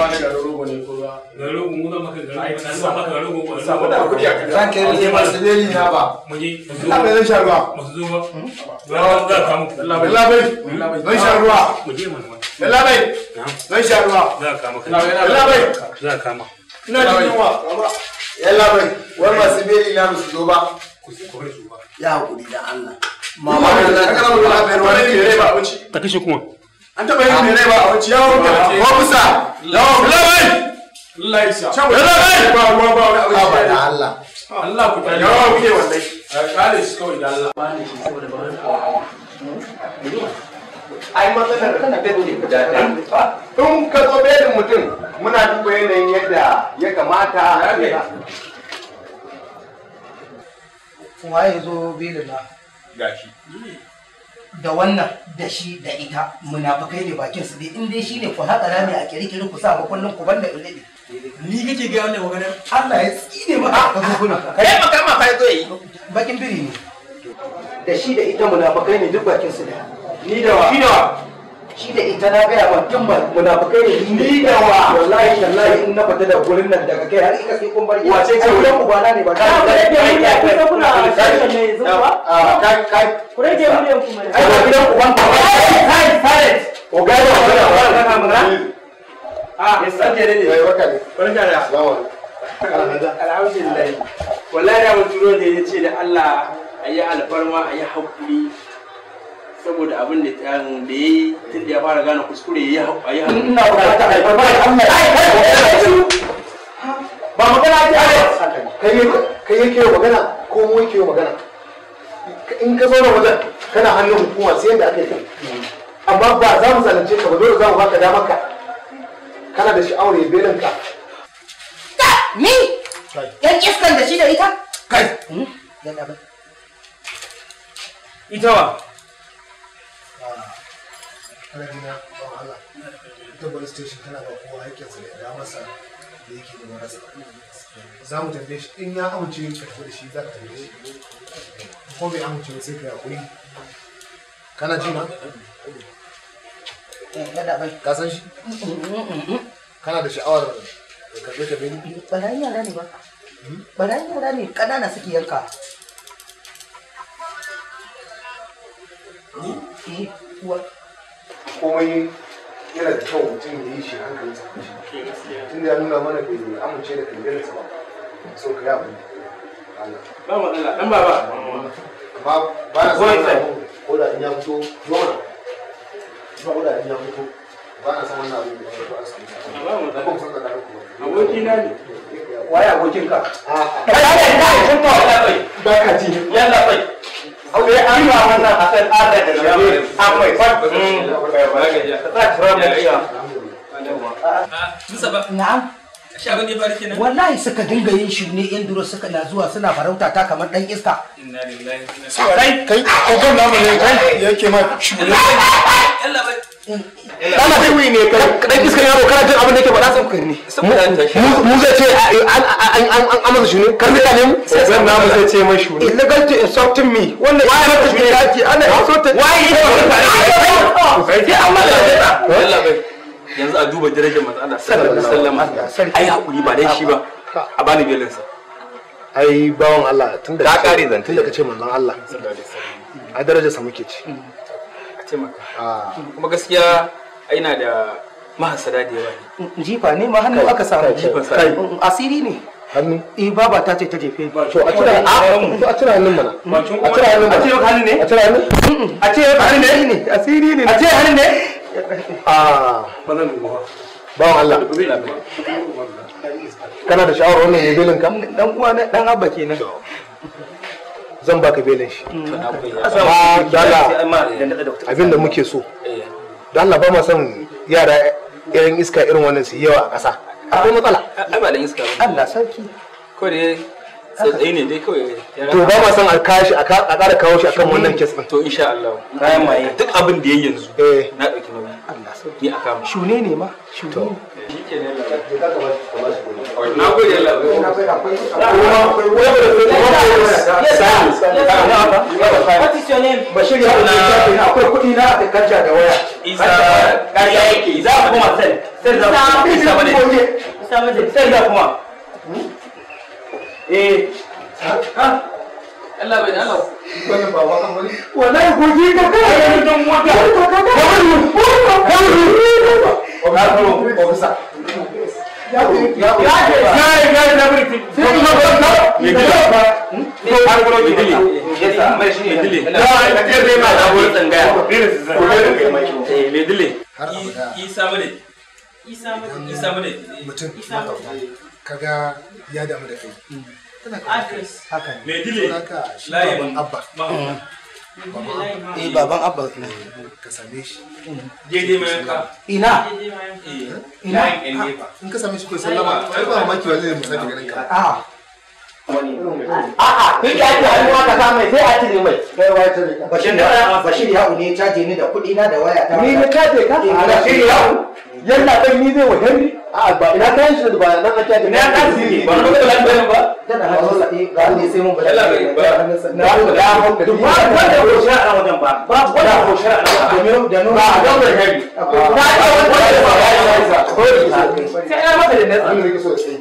wani garin rogo ne ko ba garin rogo mu zama ka garin rogo zama ka garin rogo samu da kudi a kan ran kai ne ba su deli na ba mu je Allah bai sha ruwa ba su zo ba hmm? Allah bai ka mu Allah bai Allah bai bai sha ruwa mu je mana Allah bai bai sha ruwa za ka mu Allah bai za ka mu ina jin wa Allah bai wani masu beli na su zo ba ya hakuri da Allah mama da kana mu ba bai ruwa ne ba wuce ta kashe kuma an taɓa yin mere ba a wace yawon ka ofisa ya sa ba ruwa ba wani abin ba da Allah Allah ku tare yawon kuke wallahi kare shi kawai da Allah ba ne shi ba ne ai kana da ce guda ɗaya ka zo belin mutum muna duba yanayin yadda ya kamata waye zo belin na gashi da wannan da shi da ita munafukai ne bakin su dai inda shi ne ku haɗa rami a kirkiri ku sa ba kullum ku banda in ne. ni kake ga wannan maganar Allah ya ne maka ka zo kuna kai maka ma fa zo yi bakin biri ne da shi da ita munafukai ne duk bakin su da ni da wa ni da wa shi da ita na gaya ma tun munafukai ne ni da wa wallahi tallahi in na fita da gurin nan daga kai har ika sai kun bar wace ce ku ku bana ne ba ka ka ka mun ya kusa kuna sai ne zuwa ka ka ku rage mun yanku mana ai ba gidan uban ka ba kai faret ko ga da wannan wannan kana mun ah ya san ne ne barka ne barka da salamu alaikum alhamdulillah wallahi da mun turo ya ce da Allah ayi alfarma ayi haƙuri saboda abin da da ya tun da ya fara gane kuskure ya yi hannu. Ina ba ta haifar ba ya amma ai kai ko ya su. Ba magana ta ai. Kai kai yake magana ko mu yake magana. In ka zauna wajen kana hannun hukuma sai yadda aka yi. Amma ba za mu zalunce ka ba dole za mu baka damar ka. Kana da sha'awar ya belin ka. Ta ni. Yan iskan da shi da ita. Kai. Hmm? Ita wa? kana jina ba wahala. ita police station tana ba kowa haƙƙinsa da ya masa da yake da marasa za mu tambaye shi in ya amince ka tafi da shi za ka tambaye shi ko bai amince ba sai ka yaƙuri kana jina eh, ka san shi kana da sha'awar karbe karbe ne barayin yara ne ba hmm? barayin yara ne ƙanana suke yanka ni eh, komai yana da kyau mutum ya yi shi hankali sa tun da ya nuna mana bai amince da kallon sa ba so ka yi abin ba ba. ba ba amma ba na san wannan ko da in ya fito zuwa ko da in ya fito ba na san wannan abin da ya fito ba ko da kuma na ne abokin ka ba ka sai an wallahi suka dinga yin shi ne in duro suka na zuwa suna farauta ta kamar dan iska kai ko namu ne kai yake ma shi ne Allah bai iska yaro jin abin da yake ne mu zai ce eh, eh, an an an ne kar mutane mu namu zai ce mai illegal to insulting me ana insulting why is it yanzu a duba darajar matsala sallama ai hakuri ba dai shi ba a bani belin sa ai bawon Allah tunda ka kare zan tun tunda kace manzon Allah a daraja sa muke ci mm. a ce maka ah. kuma gaskiya ai na da mahasada da yawa ne mm, jifa ne ma hannu aka samu jifa sai mm, asiri ne hannu eh baba ta ce ta jefe to a cira hannun to a tura hannun mana a tura hannun a ce hannun ne a tura hannun a ce hannun ne asiri ne a ce hannun ne Ah. a bawan Allah kana da sha'awar wannan ya belin ka dan uwa ne dan abba kenan zan baka belin shi amma dala abin da muke so eh. da Allah ba ma son yara irin iska irin wannan su yawa a ƙasa akwai matsala ai ba iska Allah sarki ko da tsatsai to ba ma san a kashi a kawo shi akan wannan kes to insha Allah kayan maye duk abin da ya yanzu na dauki nauyi Allah sauki a mu shune ne ma shune ya na akwai kudi na da kuma eh da isa mutum kaga ya damu da kai mm. tana haka ne dile haka shi baban abba mm. eh baban abba ne ka same shi daidai mm. mai ina eh. ina ah, in ka same shi ko sallama ai ba maki wani mu sake ganin ka a ah. A'a, kun ka. ce hannuwa ka sa mai sai a cire mai. Kai wai cire ka. Bashir ya Bashir ya ne caje ni da kuɗi na da waya ta. Ni ne kaje ka? Eh, Bashir ya Yalla kai ni zai wajen. Henry. ba ina kayan shi da ba nan ake ina ba na kuma lafiya ba da da ba da da da ba ba ba da ba da ba da ba da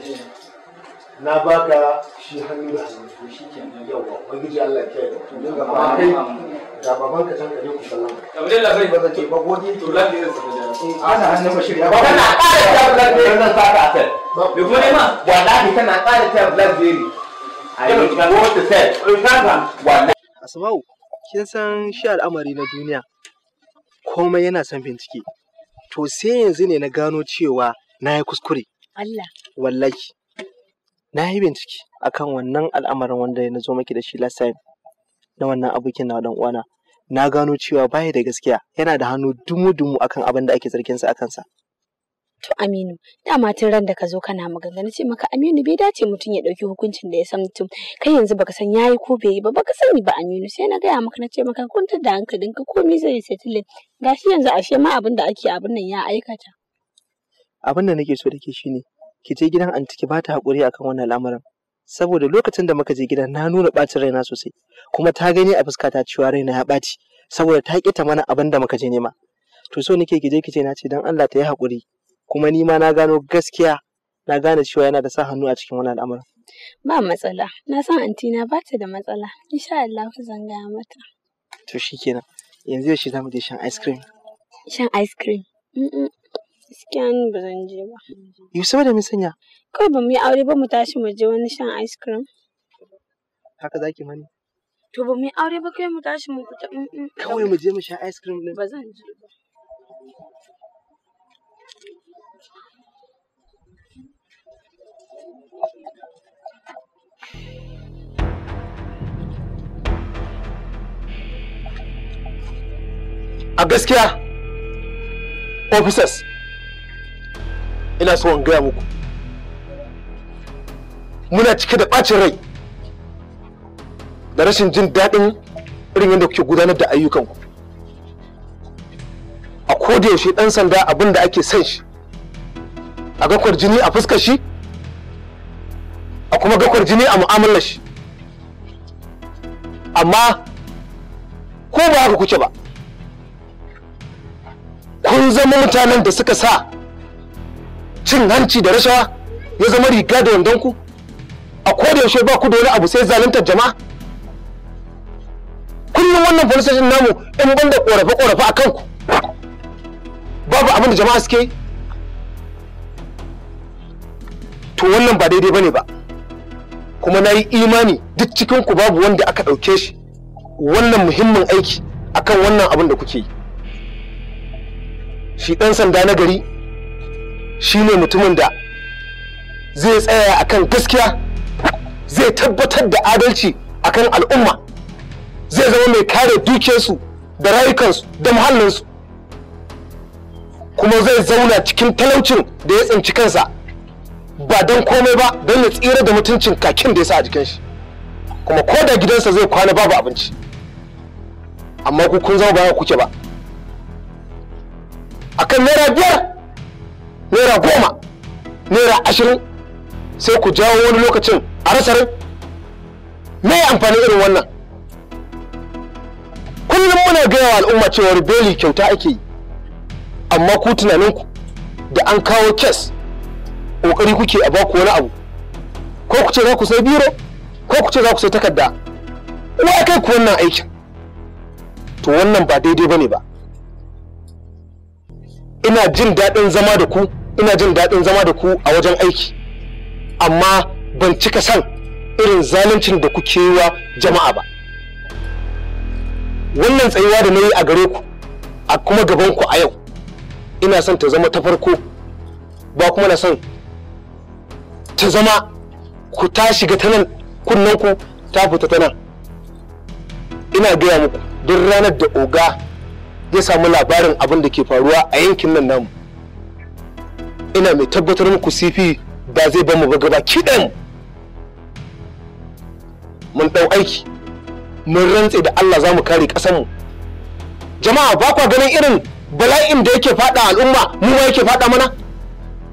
na baka shi hannu da to shi ke nan yau ba Allah da baban can ku zai ba gode to ana hannun ya ba ta blackberry ta blackberry asma'u kin san shi al'amari na duniya komai yana son bincike to sai yanzu ne na gano cewa na yi kuskure Allah wallahi na yi bincike akan wannan al'amarin wanda na zo maki da shi last time na wannan abokin na dan uwana na gano cewa baya da gaskiya yana da hannu dumu-dumu akan abin da ake zargin sa akan sa to aminu dama tun ran da ka zo kana magana na ce maka aminu bai dace mutum ya dauki hukuncin da ya san mutum kai yanzu baka san yayi ko bai yi ba baka sani ba aminu sai na gaya maka na ce maka kuntar da hankalin ko komai zai settle gashi yanzu ashe ma abin da ake abin nan ya aikata abin da nake so da ke shine ki je gidan anti ki bata hakuri akan wannan al'amarin saboda lokacin da muka je gidan na nuna bacin raina sosai kuma ta gani a ta cewa raina ya baci saboda ta kita mana abin da muka je nema to so nake ki je ki ce na ce dan Allah ta yi hakuri kuma ni ma na gano gaskiya na gane cewa yana da sa hannu a cikin wannan al'amarin ba matsala na san antina ba ta da matsala insha Allah zan gaya mata to shikenan yanzu yaushe zamu je shan ice cream shan ice cream Gaskiya ni ba zan je ba. Yusuf da sanya? Kawai ba mu yi aure ba mu tashi mu je wani shan ice cream. Haka zaki mani? To ba mu yi aure ba kai mu tashi mu fita. Mm, mm. Kawai mu je mu sha ice cream din. Ba zan je ba. A gaskiya, officers, ina so in gaya muku muna cike da ɓacin rai da rashin jin daɗin irin yadda kuke gudanar da ayyukanku a yaushe ɗan sanda abin da ake son shi a gakwar jini a fuskar shi a kuma gakwar jini a mu'amalar shi amma ko ba haka kuke ba kun zama mutanen da suka sa cin hanci da rashawa ya zama riga da wandon ku a kodayaushe ba ku da wani abu sai zaluntar jama'a kullum wannan police namu in ban da korafe-korafe a kanku babu abin da jama'a suke to wannan ba daidai bane ba kuma na yi imani duk cikin ku babu wanda aka ɗauke shi wannan muhimmin aiki akan wannan abin da kuke yi shi ɗan sanda na gari shine mutumin da zai tsaya akan gaskiya zai tabbatar da adalci akan al'umma zai zama mai kare dukiyarsu da rayukansu da muhallinsu kuma zai zauna cikin talaucin da ya tsinci kansa ba don komai ba don ya tsira da mutuncin kakin da ya sa a jikin shi kuma ko da gidansa zai kwana babu abinci amma ku kun zama ba kuke ba akan naira biyar naira goma naira ashirin sai ku jawo wani lokacin a rasa mai amfani irin wannan kullum muna gaya wa al'umma cewa beli kyauta ake yi amma ku tunaninku da an kawo kes ƙoƙari kuke a baku wani abu ko ku ce za ku sai biro ko ku ce za ku sai takarda wa kai ku wannan aikin to wannan ba daidai bane ba ina jin daɗin zama da ku ina jin daɗin zama da ku a wajen aiki amma ban cika san irin zaluncin da kuke yi wa jama'a ba wannan tsayuwa da na yi a gare ku a kuma gaban ku a yau ina son ta zama ta farko ba kuma na son ta zama ku ta shiga ta nan kunnen ku ta fita ta nan ina gaya muku duk ranar da oga ya samu labarin abin da ke faruwa a yankin nan namu ina mai tabbatar muku cp ba zai ba mu ba gaba kiɗan mun ɗau aiki mun rantse da allah za mu kare ƙasanmu jama'a ba kwa ganin irin bala'in da yake faɗa al'umma mu ma yake faɗa mana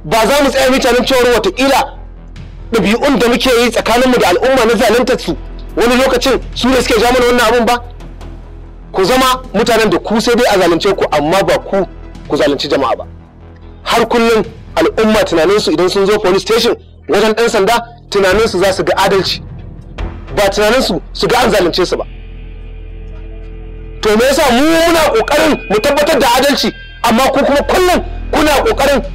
ba za mu tsaya mutanen cewar watakila ɗabi'un da muke yi tsakaninmu da al'umma na zaluntar su wani lokacin su ne suke ja wannan abun ba ku zama mutanen da ku sai dai a zalunce ku amma ba ku ku zalunci jama'a ba har kullum al'umma tunanin su idan sun zo police station wajen ɗan sanda tunaninsu za su ga adalci ba tunaninsu su ga an zalunce su ba to me yasa mu muna kokarin mu tabbatar da adalci amma ku kuma kullum kuna kokarin ku